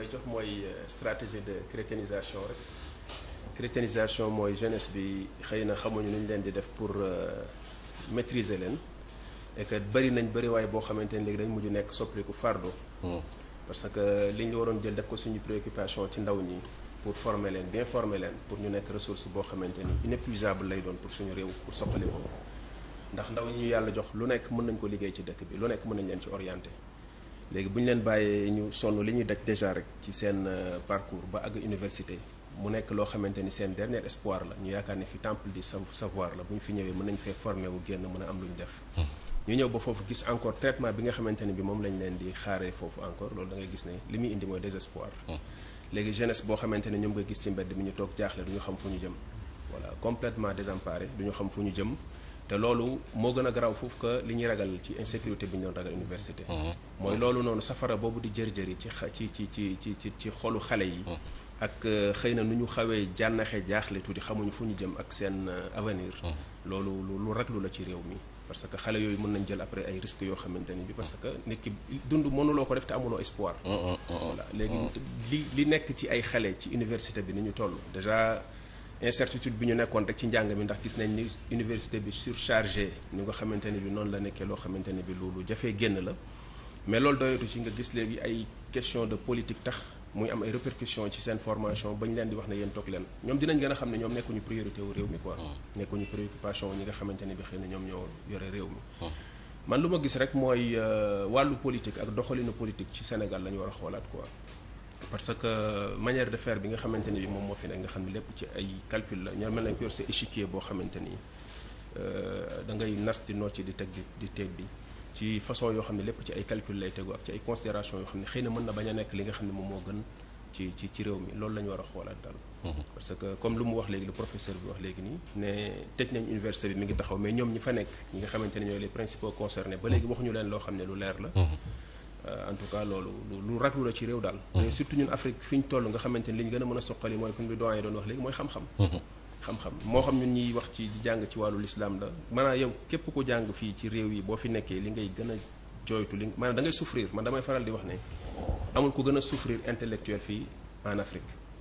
may jox mooy euh, stratégie de chrétienisation rek chrétienisation mooy jeunesse bi xëy na xamuñu nu ñu leen di def pour euh, maîtriser leen et que bëri nañ bëri waaye boo xamante ni léegi dañ mujj nekk soppiku fardeau. Hmm. parce que li ñu waroon jël def ko suñu préoccupation ci ndaw ñi pour former leen bien forme leen pour ñu nekk ressource boo xamante ni inépuisable lay doon pour suñu réew pour soxali ko ndax ndaw ñi ñu yàlla jox lu nekk mën nañ ko liggéey ci dëkk bi lu nekk mën nañ leen ci orienté. léegi bu ñu leen bàyyee ñu sonn li ñuy daj déjà rek ci seen euh, parcours ba àgg université mu nekk loo xamante ni seen dernier espoir la ñu yaakaar ne fi temple du savoir la bu ñu fi ñëwee mën nañ fee formé wu génn mën a am lu ñu def hmm. ñu ñëw ba foofu gis encore traitement bi nga xamante ne bi moom lañ leen di xaare foofu encore loolu da ngay gis ne li muy indi mooy désespoir hmm. léegi jeunesse boo xamante ne ñoom nga gis ci mbedd mi ñu toog jaaxle du ñu xam fu ñu jëm voilà complètement désemparé du ñu xam fu ñu jëm te loolu moo gën a garaaw foofu ko li ñuy ragal ci insécurité bi ñu doon ragal université. Mm-hmm. mooy loolu noonu safara boobu di jër-jëri ci ci ci ci ci ci ci xolu xale yi. Mm-hmm. ak euh, xëy na nu ñu xawee jànnaxee jaaxle tuuti xamuñu fu ñu jëm ak seen euh, avenir. Mm-hmm. loolu lu lu la ci réew mi. parce que xale yooyu mën nañ jël après ay risques yoo xamante ni bi parce que nit ki dundu mënuloo ko def te amuloo espoir. voilà léegi li li nekk ci ay xale ci université bi ni ñu toll déjà. incertitude bi ñu nekkoon rek ci njàng mi ndax gis nañ ni université bi surchargé ñu nga xamante ne bi noonu la nekkee loo xamante ne bi loolu jafee génn la mais loolu doyatu ci nga gis léegi ay question de politique tax muy am ay répercussions ci seen formation ba ñu leen di wax ne yéen toog leen ñoom dinañ gën xam ne ñoom nekkuñu priorité wu réew mi quoi mm. nekkuñu préoccupation ñi nga xamante ne bi xëy na ñoom ñoo yore réew mi mm. man lu ma gis rek mooy euh, wàllu politique ak doxalinu politique ci Sénégal la war a xoolaat quoi parce que manière de faire bi nga xamante ni bi moom moo fi nekk nga xam ne lépp ci ay calcul la ñoo mel nañ ko yor sa boo xamante ni euh, da ngay nas di nocci di teg di teg bi ci façon yoo xam ne lépp ci ay calcul lay tegu ak ci ay considération yoo xam ne xëy na mën na bañ a nekk li nga xam ne moom moo gën ci ci ci réew mi loolu la ñu war a xoolaat daal mm-hmm. parce que comme lu mu wax léegi le professeur bi wax léegi nii ne tëj nañ université bi mi ngi ñoom ñi fa nekk ñi nga xamante ne ñooy les principaux concernés ba léegi waxuñu leen loo xam ne lu leer la mm-hmm. Euh, en tout cas loolu lu raglu la ci réew daal. Mm-hmm. mais surtout ñun Afrique fi ñu toll nga xamante ni li ñu gën a mën a soqali mooy comme li doyen doon wax léegi mooy xam-xam. Mm-hmm. xam-xam moo xam ñun ñuy wax ci jàng ci wàllu lislaam la maanaam yow képp ku jàng fii ci réew yi boo fi nekkee li ngay gën a jooytu li maanaam da ngay souffrir man damay faral di wax ne amul ku gën a souffrir intellectuel fii en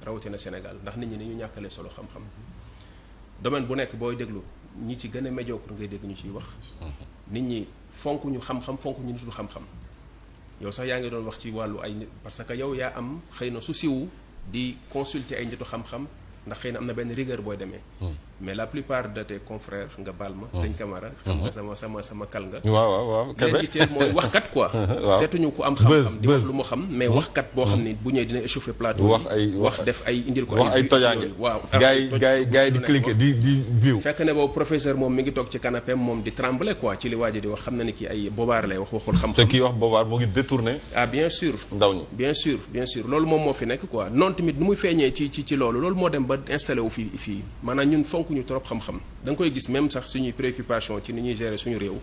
rawatina Sénégal ndax nit ñi ni ñu ñàkkalee solo xam-xam mm-hmm. bu nekk booy déglu ñi ci gën a médiocre ngay dégg ñu ciy wax. nit ñi fonk ñu xam-xam fonk ñu nitul xam-xam yow sax yaa ngi doon wax ci wàllu ay parce que yow yaa am xëy na su siw di consulter ay nitu xam-xam ndax xëy na am na benn rigueur booy demee hmm. mais la plupart de tes confrères nga baal ma. Hmm. sëñ Camara. Hmm. sama sama sama kal nga. waaw waaw waaw Kébé léegi mooy waxkat quoi. waaw seetuñu ku am. xam-xam di lu mu xam. mais hmm. waxkat boo xam ne bu ñëwee dina échauffé wax ay wax ko. ay tojaange waaw. gaay gaay gaay di cliquer di di moom mi ngi toog ci canapé moom di trembler quoi ci li na ni kii ay bobaar lay wax waxul xam-xam. te kii wax bobaar mu ngi ah, moom moo fi nekk quoi noonu tamit nu muy feeñee ci ci ci loolu loolu moo dem ba installé wu fii fii maanaam ñun fonk bokkuñu trop xam-xam da nga koy gis même sax suñuy préoccupation ci ni ñuy gérer suñu réew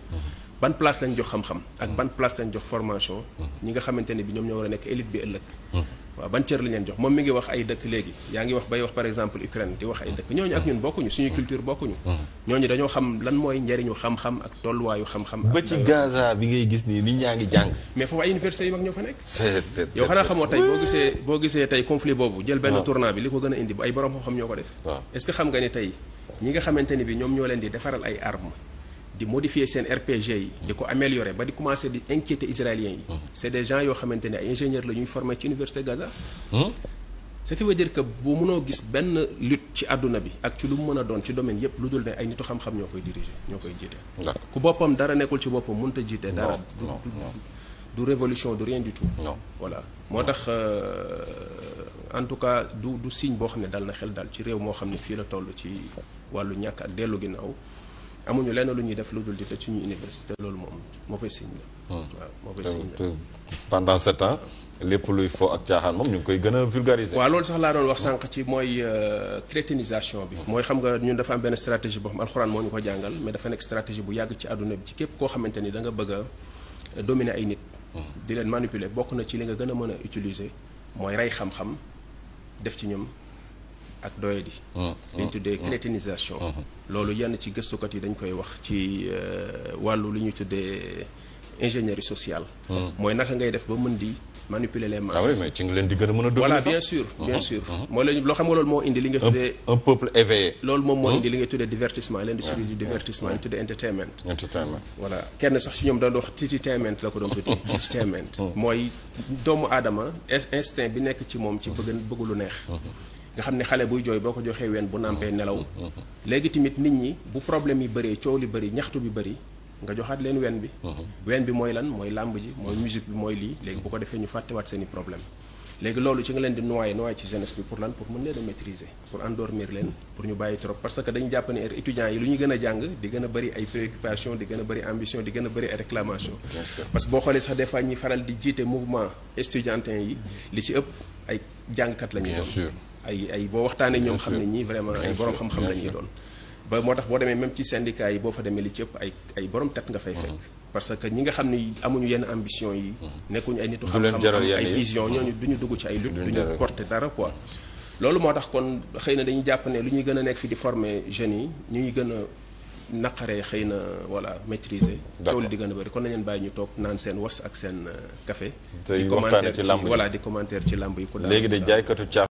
ban place lañ jox xam-xam ak ban mm. place lañ jox formation mm. ñi nga xamante ne bi ñoom ñoo nekk élite bi ëllëg mm. waaw ban cër leen jox moom mi ngi wax ay dëkk léegi yaa ngi wax bay wax par exemple Ukraine di wax ay dëkk ñooñu ak ñun bokkuñu suñu culture bokkuñu ñooñu xam lan mooy njariñu xam ak tolluwaayu xam-xam ba bi ngay gis nii nit ñaa ngi jàng mais foofu ay université yu mag ñoo fa nekk yow xanaa xamoo boo gisee boo gisee tey conflit boobu jël benn bi li ko gën a indi ay borom xam-xam ñoo ko def est-ce que xam tey nga xamante ni bi ñoom ñoo leen di defaral ay armes di modifier seen RPG yi. di ko améliorer ba di commencer di inquiéter israéliens yi. Mhm. c'est des gens yoo xamante ne ay ingénieurs la ñuy former ci université Gaza. Hmm? ce qui veut dire que bu mënoo gis benn lutte ci àdduna bi ak ci lu mu mën a doon ci domaine yépp lu dul ne ay nitu xam-xam ñoo koy diriger ñoo koy jiite. ku boppam dara nekkul ci boppam mun a jiite. dara du du révolution du rien du tout. non voilà moo tax euh, en tout cas du du signe boo xam ne dal na xel daal ci réew moo xam ne fii la toll ci wàllu ñàkk ak dellu ginnaaw. amuñu lenn lu ñuy def lu dul di tëj suñu université loolu moom moo koy signe la. Hmm. waaw moo koy signe la hmm. pendant sept ans lépp luy fo ak caaxaan moom ñu ngi koy gën a vulgariser. loolu sax laa doon wax sànq ci mooy crétinisation euh, bi. Hmm. mooy xam nga ñun dafa am benn stratégie boo xam alxuraan moo ñu ko jàngal mais dafa nekk stratégie bu yàgg ci àdduna bi ci képp koo xamante ni danga nga bëgg euh, ay nit. di leen manipuler bokk na ci li nga gën a mën a utiliser mooy rey xam def ci ñoom. ak doyadi ah, ah, li ñu tuddee ah. crétinisation loolu yenn ci gëstukat yi dañ koy wax ci euh, wàllu lu ñuy tuddee ingénierie sociale mooy naka ngay def ba mën di manipuler les masses ah oui ci nga leen di gën a mën a voilà bien xam nga loolu moo indi li nga tuddee un peuple éveillé loolu moom moo indi li nga tuddee divertissement l'industrie du divertissement li tuddee entertainment entertainment kenn sax si ñoom daan wax tititainment la ko doon tuddee tititainment mooy doomu aadama instinct bi nekk ci moom ci bëgg bëgg lu neex nga xam ne xale buy jooy boo ko joxee ween bu nàmpee nelaw mm-hmm. Mm-hmm. léegi tamit nit ñi bu problème yi bëree coow li bëri ñaxtu bi bëri nga joxaat leen ween bi mm-hmm. ween bi mooy lan mooy làmb ji mooy musique bi mooy lii léegi bu ko defee ñu fàttewaat seen i problème léegi loolu ci nga leen di noyé noyé ci jeunesse bi pour lan pour mën leen a pour endormir leen pour ñu bàyyi trop parce que dañu jàpp ne er, étudiants yi lu ñu gën a jàng di gën a bëri ay préoccupation di gën bëri ambition di gën a bëri ay réclamation parce que boo xoolee li ci ëpp ay la ñu doon ay ay boo waxtaanee ñoom xam ne ñi vraiment ay borom xam-xam la ñuy doon ba moo tax boo demee même ci syndicat yi boo fa demee li ci ëpp ay ay borom nga fay mhm. fekk parce que ñi nga xam ni amuñu yenn ambition yi mhm. nekkuñu ay nitu xam-xam ay vision mhm. ñooñu duñu dugg ci ay lutte duñu porter dara quoi loolu moo tax kon xëy na dañu jàpp ne lu ñuy gën a nekk fi di former jeunes yi ñu ñuy gën a naqaree xëy na voilà maîtriser coow li di gën a bëri kon nañ leen bàyyi ñu toog naan seen was ak seen euh, di commentaire ci làmb voilà di commentaire ci làmb yi